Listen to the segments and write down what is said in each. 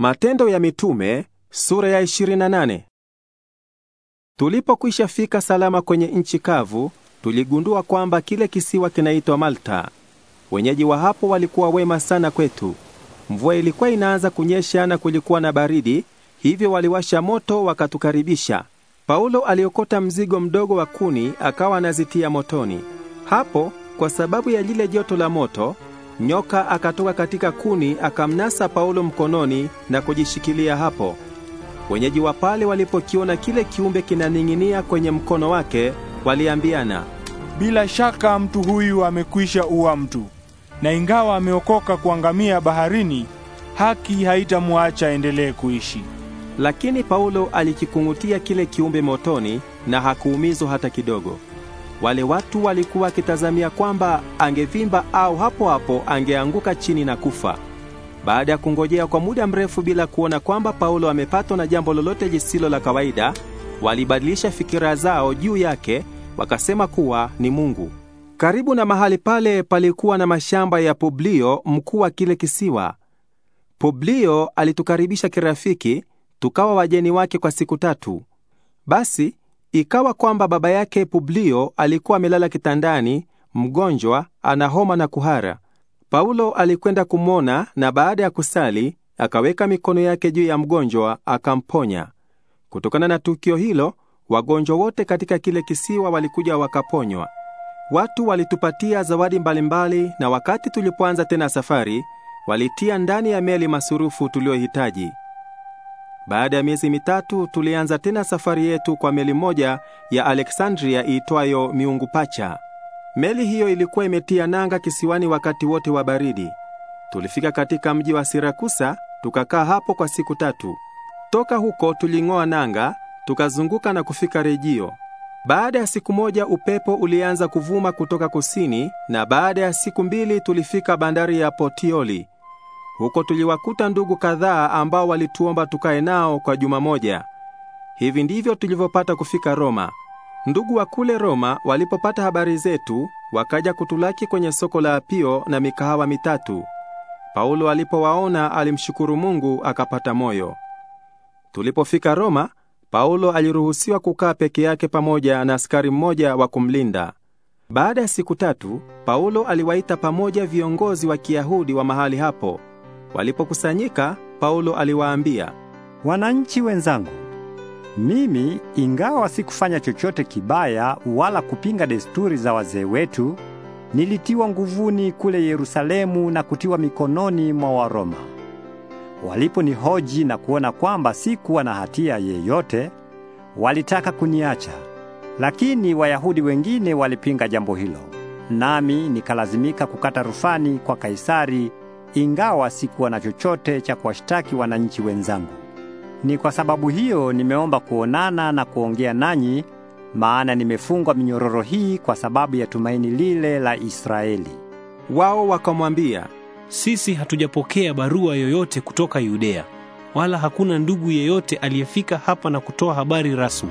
Matendo ya Mitume sura ya 28. Tulipokwisha fika salama kwenye nchi kavu, tuligundua kwamba kile kisiwa kinaitwa Malta. Wenyeji wa hapo walikuwa wema sana kwetu. Mvua ilikuwa inaanza kunyesha na kulikuwa na baridi, hivyo waliwasha moto wakatukaribisha. Paulo aliokota mzigo mdogo wa kuni akawa anazitia motoni. Hapo kwa sababu ya lile joto la moto nyoka akatoka katika kuni akamnasa Paulo mkononi na kujishikilia hapo. Wenyeji wa pale walipokiona kile kiumbe kinaning'inia kwenye mkono wake, waliambiana, bila shaka mtu huyu amekwisha uwa mtu, na ingawa ameokoka kuangamia baharini, haki haitamwacha endelee kuishi. Lakini Paulo alikikung'utia kile kiumbe motoni na hakuumizwa hata kidogo. Wale watu walikuwa wakitazamia kwamba angevimba au hapo hapo angeanguka chini na kufa. Baada ya kungojea kwa muda mrefu bila kuona kwamba Paulo amepatwa na jambo lolote lisilo la kawaida, walibadilisha fikira zao juu yake, wakasema kuwa ni Mungu. Karibu na mahali pale palikuwa na mashamba ya Publio, mkuu wa kile kisiwa. Publio alitukaribisha kirafiki, tukawa wageni wake kwa siku tatu. Basi Ikawa kwamba baba yake Publio alikuwa amelala kitandani, mgonjwa, ana homa na kuhara. Paulo alikwenda kumwona na baada ya kusali akaweka mikono yake juu ya mgonjwa akamponya. Kutokana na tukio hilo, wagonjwa wote katika kile kisiwa walikuja wakaponywa. Watu walitupatia zawadi mbalimbali mbali, na wakati tulipoanza tena safari, walitia ndani ya meli masurufu tuliyohitaji. Baada ya miezi mitatu tulianza tena safari yetu kwa meli moja ya Alexandria iitwayo Miungu Pacha. Meli hiyo ilikuwa imetia nanga kisiwani wakati wote wa baridi. Tulifika katika mji wa Sirakusa, tukakaa hapo kwa siku tatu. Toka huko tuling'oa nanga, tukazunguka na kufika Rejio. Baada ya siku moja upepo ulianza kuvuma kutoka kusini na baada ya siku mbili tulifika bandari ya Potioli. Huko tuliwakuta ndugu kadhaa ambao walituomba tukae nao kwa juma moja. Hivi ndivyo tulivyopata kufika Roma. Ndugu wa kule Roma walipopata habari zetu, wakaja kutulaki kwenye soko la Apio na mikahawa mitatu. Paulo alipowaona alimshukuru Mungu akapata moyo. Tulipofika Roma, Paulo aliruhusiwa kukaa peke yake pamoja na askari mmoja wa kumlinda. Baada ya siku tatu, Paulo aliwaita pamoja viongozi wa Kiyahudi wa mahali hapo. Walipokusanyika, Paulo aliwaambia, wananchi wenzangu, mimi ingawa sikufanya chochote kibaya wala kupinga desturi za wazee wetu, nilitiwa nguvuni kule Yerusalemu na kutiwa mikononi mwa Waroma. Waliponihoji na kuona kwamba sikuwa na hatia yeyote, walitaka kuniacha. Lakini Wayahudi wengine walipinga jambo hilo. Nami nikalazimika kukata rufani kwa Kaisari ingawa sikuwa na chochote cha kuwashtaki wananchi wenzangu. Ni kwa sababu hiyo nimeomba kuonana na kuongea nanyi, maana nimefungwa minyororo hii kwa sababu ya tumaini lile la Israeli. Wao wakamwambia, sisi hatujapokea barua yoyote kutoka Yudea, wala hakuna ndugu yeyote aliyefika hapa na kutoa habari rasmi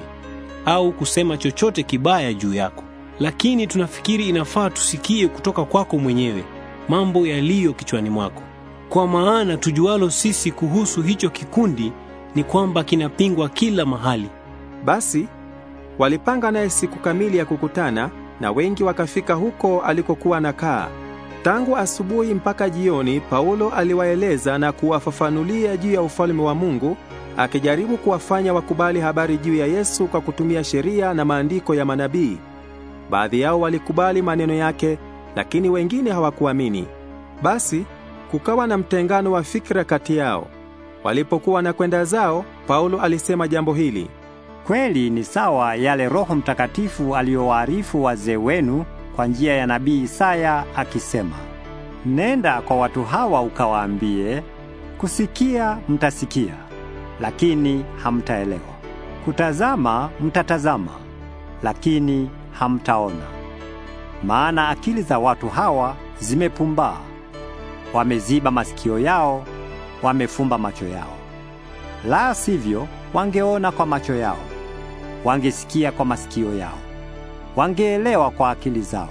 au kusema chochote kibaya juu yako, lakini tunafikiri inafaa tusikie kutoka kwako mwenyewe mambo yaliyo kichwani mwako, kwa maana tujualo sisi kuhusu hicho kikundi ni kwamba kinapingwa kila mahali. Basi walipanga naye siku kamili ya kukutana, na wengi wakafika huko alikokuwa anakaa. Tangu asubuhi mpaka jioni, Paulo aliwaeleza na kuwafafanulia juu ya ufalme wa Mungu, akijaribu kuwafanya wakubali habari juu ya Yesu kwa kutumia sheria na maandiko ya manabii. Baadhi yao walikubali maneno yake, lakini wengine hawakuamini. Basi kukawa na mtengano wa fikra kati yao. Walipokuwa na kwenda zao, Paulo alisema jambo hili. Kweli ni sawa yale Roho Mtakatifu aliyowaarifu wazee wenu kwa njia ya nabii Isaya akisema, nenda kwa watu hawa ukawaambie, kusikia mtasikia, lakini hamtaelewa; kutazama mtatazama, lakini hamtaona maana akili za watu hawa zimepumbaa. Wameziba masikio yao, wamefumba macho yao. La sivyo, wangeona kwa macho yao, wangesikia kwa masikio yao, wangeelewa kwa akili zao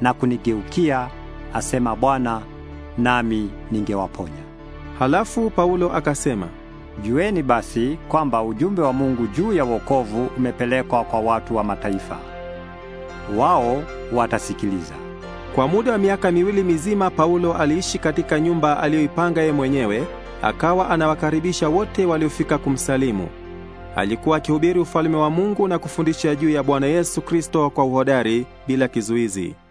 na kunigeukia, asema Bwana, nami ningewaponya. Halafu Paulo akasema, Jueni basi kwamba ujumbe wa Mungu juu ya wokovu umepelekwa kwa watu wa mataifa wao watasikiliza. Kwa muda wa miaka miwili mizima Paulo aliishi katika nyumba aliyoipanga ye mwenyewe, akawa anawakaribisha wote waliofika kumsalimu. Alikuwa akihubiri ufalme wa Mungu na kufundisha juu ya Bwana Yesu Kristo kwa uhodari bila kizuizi.